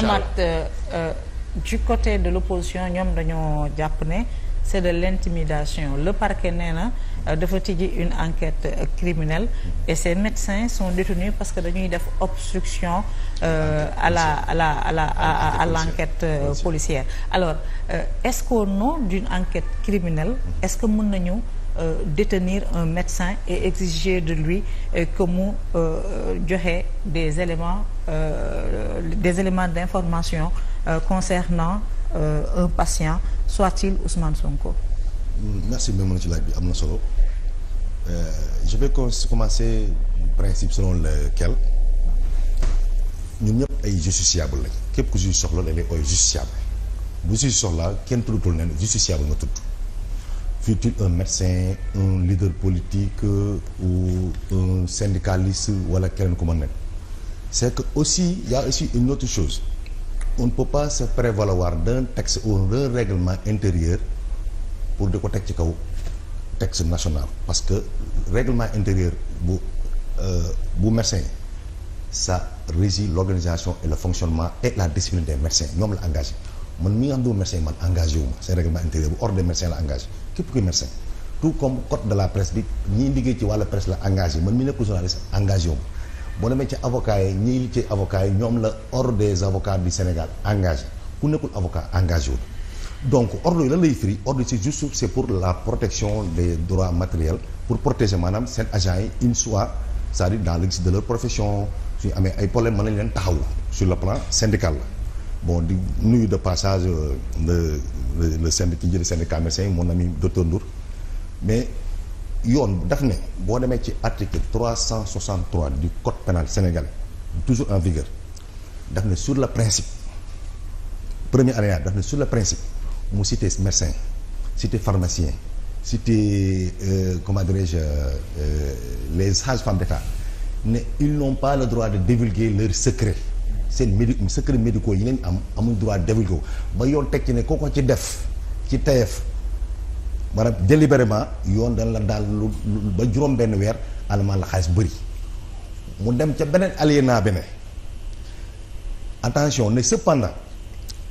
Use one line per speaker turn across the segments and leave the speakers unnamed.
amaat euh, euh, du côté de l'opposition ñoom dañoo jàpp ne c'est de l'intimidation le parquet nee na euh, dafa tijji une enquête criminelle et ces médecins sont détenus parce que dañuy def obstruction euh, à la à la à la à, l'enquête policière alors est-ce qu'au nom d'une enquête criminelle est-ce que mën nañu Euh, détenir un médecin et exiger de lui euh, que mu euh, joxe des éléments des éléments d'information concernant un patient soit-il Ousmane Sonko.
merci Maimouna ci laaj bi am na solo je vais commencer du principe selon lequel ñun ñëpp ay justiciable lañ képp ku justice soxla da ngay ooy justiciable bu justice kenn tuddutul neen justiciable nga tudd. fût-il un médecin un leader politique euh, ou un syndicaliste wala keneen ku mën nekk c'est que aussi il y a aussi une autre chose on ne peut pas se prévaloir d'un texte ou d'un règlement intérieur pour di ko teg ci kaw texte national parce que règlement intérieur bu euh, bu médecin sa régit l'organisation et le fonctionnement et la discipline des médecins ñoom la engagé man mi nga xam du médecin man engagé wu ma seen règlement intérieur bu ordre des médecins la engagé képp kuy médecin tout comme code de la presse bi ñiy liggéey ci wàllu presse la engagé man mi nekkul journaliste engagé wu boo demee ci avocat yi ñiy ci avocat yi ñoom la ordre des avocats bi Sénégal engage ku nekkul avocat engagé wu donc ordre yi lan lay firi ordre c'est juste c'est pour la protection des droits matériels pour protéger maanaam seen agent yi in soi c'est-à-dire dans l'exercice de leur amee ay problème mën leen taxawu le plan syndical la bon di nuyu de passage euh, le le le syndic ki jëli syndicat médecin yi mon ami docteur Ndour mais yoon daf ne boo demee ci article 363 du code pénal sénégalais toujours en vigueur daf ne sur le principe premier alinéa daf ne sur le principe mu cité ci cité pharmacien cité euh, comment dirais-je euh, les sages-femmes d'État ne ils n'ont pas le droit de divulguer leur secret seen médi secret médicaux yi nañ am amuñ droit divulgué ko ba yoon teg ci ne koo ci def ci tayef maanaam délibérément yoon dañ la daal lu ba juróom benn weer alamaan la xaalis bëri mu dem ca beneen alinéa bi ne attention ne cependant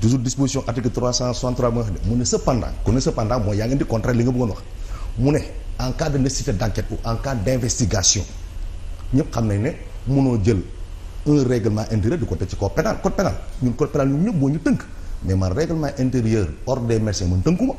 toujours disposition article 363 cent wax de mu ne cependant ku ne cependant mooy yaa ngi di contraire li nga bëggoon wax mu ne en cas de nécessité d' enquête ou en cas d' investigation ñëpp xam nañ ne mënoo jël un règlement intérieur di ko def ci code pénal code pénal ñun code pénal ñun ñëpp moo ñu tënk mais man règlement intérieur ordre des médecins man tënku ma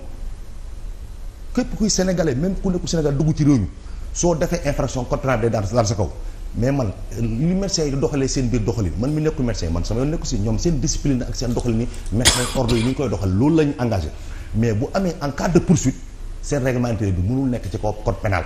képp kuy sénégalais même ku nekku Sénégal dugg ci réew mi soo defee infraction code pénal day daan sa kaw mais man ñu médecins yi doxalee seen biir doxalin man mi nekku médecin man sama yoon nekku si ñoom seen discipline ak seen doxalin ni médecin yi ni ñu koy doxal loolu lañu engagé mais bu amee en cas de seen règlement intérieur bi mënul nekk ci kaw code pénal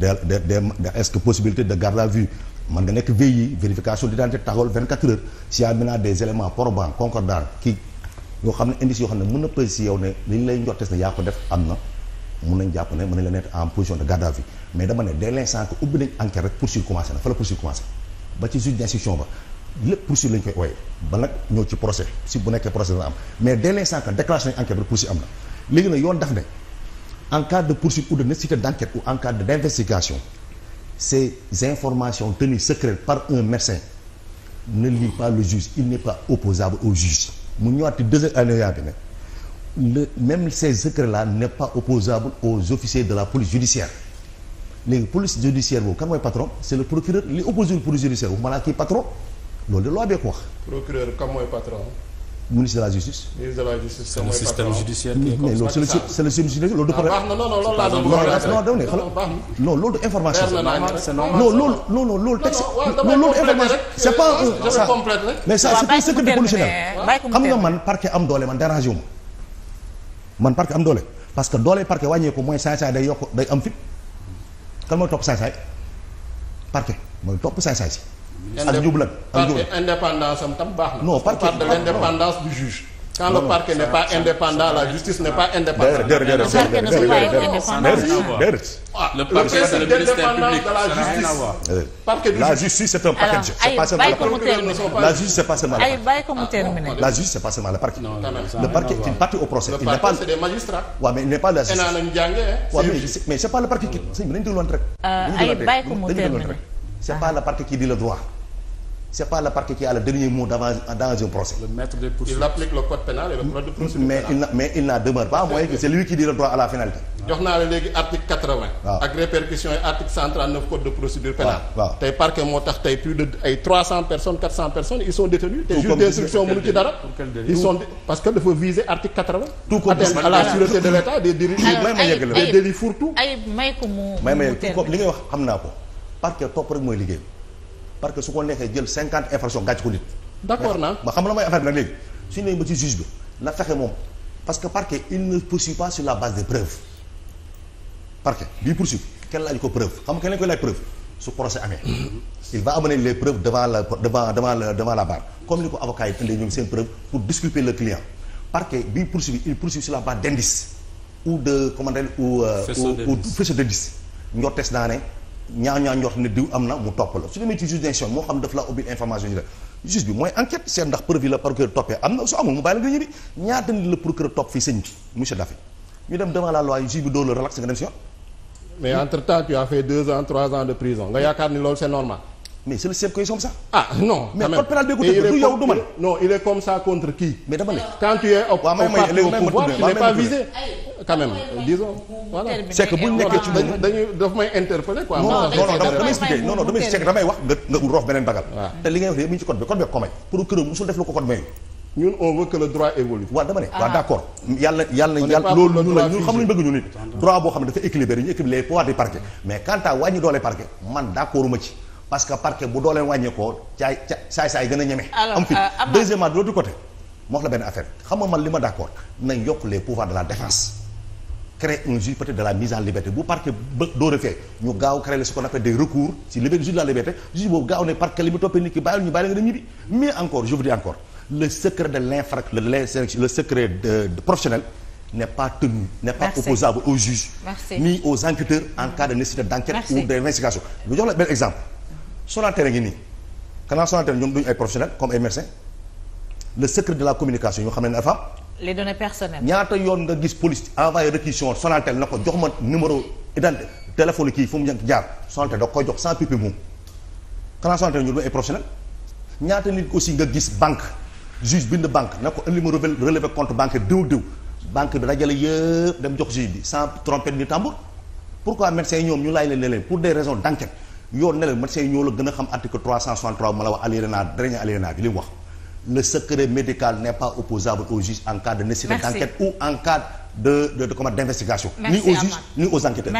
de de de est-ce que possibilité de garde à vue man nga nekk veille vérification d'identité taxawal 24 heures s'il y a maintenant des éléments probants concordants qui yoo xam ne indice yoo xam ne mën na pèse si yow ne li ñu lay njortes ne yaa ko def am na mën nañ jàpp ne mën nañ la nekk en position de garde à vue mais dama ne dès l'instant que ubbi nañ enquête rek poursuite commencé na fa la poursuite commencé ba ci juge d'instruction ba lépp poursuite nekkee procès mais dès l'instant que déclaration nañ enquête na léegi nag yoon daf ne en cas de poursuite ou de nécessité d'enquête ou en cas d'investigation ces informations tenues secrètes par un médecin ne lient pas le juge il n'est pas opposable au juge mu ñëwaat deuxième alinéa bi ne le même ces secrets là n'est pas opposable aux officiers de la police judiciaire léegi police judiciaire boobu kan mooy patron c'est le procureur li oppose police judiciaire waxuma laa kii patron loolu de loi bee ko wax
procureur kan mooy patron ministre de la justice. ministre de la justice c'est le système judiciaire. mais
loolu du problème. Ah, non non loolu laa doon non loolu du information. c'est normal non loolu non non loolu
texte. information c'est pas euh, ça mais ça
c'est un xam nga man parquet am doole man dérangé ma man parquet am parce que doole parquet wàññeeku mooy saay-saay day yokk day am fit kan mooy topp saay-saay parquet mooy topp saay-saay si.
ak jublag ak jublag indépendance am tam baax na. non parquet parle de l'indépendance du juge. quand le parquet n'est pas indépendant la justice n'est pas indépendante. déedéet déedéet le ah, parquet c'est le ministère public de la justice. Euh,
la justice c'est un package. c'est pas seulement la justice c'est pas seulement la justice c'est pas seulement le parquet. le parquet est une partie au procès. il n'est pas c'est des magistrats. waaw mais il n'est pas la justice. mais c'est pas le parquet kii sëñ bi nañu dégluwante rek.
Euh, ay bàyyi ko mu terminer
c' est ah. pas la partie qui dit le droit c' est la partie qui a le dernier mot dans dans un procès.
mais il n'a
mais il n'a demeure pas moo
tax tey plus de ay trois cent personnes quatre cent personnes ils sont détenus. te juge d'instruction mënu ci dara. ils sont parce que dafa viser article quatre vingt. tout comme atteinte à la sûreté de l' état des délits. may ma yegg la des délits fourre-tout. ay may ko mu mu li ngay wax xam naa
ko. parquet topp rek mooy liggéeyam parquet su ko neexee jël cinquante infractions gàcc ko nit. d'accord mooy affaire bi nag léegi suñu nee ba ci juge bi na fexe moom que bii poursuit kenn laaj ko preuve xam nga kenn lañ koy mm-hmm. comme ni pour disculper le client parquet bii poursuit il poursuit sur la base d'indice ou de comment dire euh, naa ne. ñaar ñaar ñoo ne diw am na mu topp la su demee ci juge d'instruction moo xam daf la ubbil information yi la seet ndax preuve la procureur la topp fii sëñ bi monsieur Daffy ñu dem devant
la loi juge bi dóor relax nga dem si mais entre temps tu as fait deux ans trois ans de prison nga yaakaar ni loolu c'est normal mais c'est le système comme ça. ah non mais comme ça contre qui mais dama ne quand tu es au pouvoir tu n'es pas visé quand même disons. voilà c'est que bu ñu nekkee ci moom dañuy may interpeller quoi. non damay expliquer
damay wax nga nga roof beneen bagal. te li ngay wax de mi ci code ko def lu ne ah. waaw d'accord. yàlla ñu bëgg ñu nit. droit mais quant wàññi doole parquet man d'accorduma ci parce que bu dooleen wàññeekoo caay caay saay gën a ñeme. am fi euh, deuxièmement de l'autre côté. moo wax la benn affaire xam nga man li ma d'accord nañ yokk les pouvoirs de la défense. créer un juge peut de la mise en liberté bu parquet ba doo ñu gaaw créer ce qu'on appelle des recours si le juge la liberté juge boobu gaaw ne parquet li mu toppee nit ki bàyyil ñu bàyyi la nga dem ñibbi mais encore je vous encore le secret de l'infraction le secret de, professionnel n'est pas tenu n'est pas opposable aux juges Merci. ni aux enquêteurs en cas de nécessité d'investigation lu jox la benn exemple Sonatel ngi nii kanaa Sonatel ñoom duñu ay
les données personnelles.
ñaata yoon nga gis police envoyé réquisition Sonatel na ko jox ma numéro identité téléphone kii fu mu jaar Sonatel da koy jox sans pipi moom xanaa Sonatel ñu doon ay professionnel ñaata nit aussi nga gis banque juge bind banque na ko indi ma relevé compte banque diw diw banque bi dajale yëpp dem jox juge bi sans trompette ni tambour pourquoi médecins yi ñoom ñu laaj leen ne pour des raisons d'enquête yoon ne leen ñoo la gën a xam article 363 ma la wax. le secret médical n'est pas opposable au juge en cas de nécessité d'enquête ou en cas de de de d'investigation ni aux enquêteurs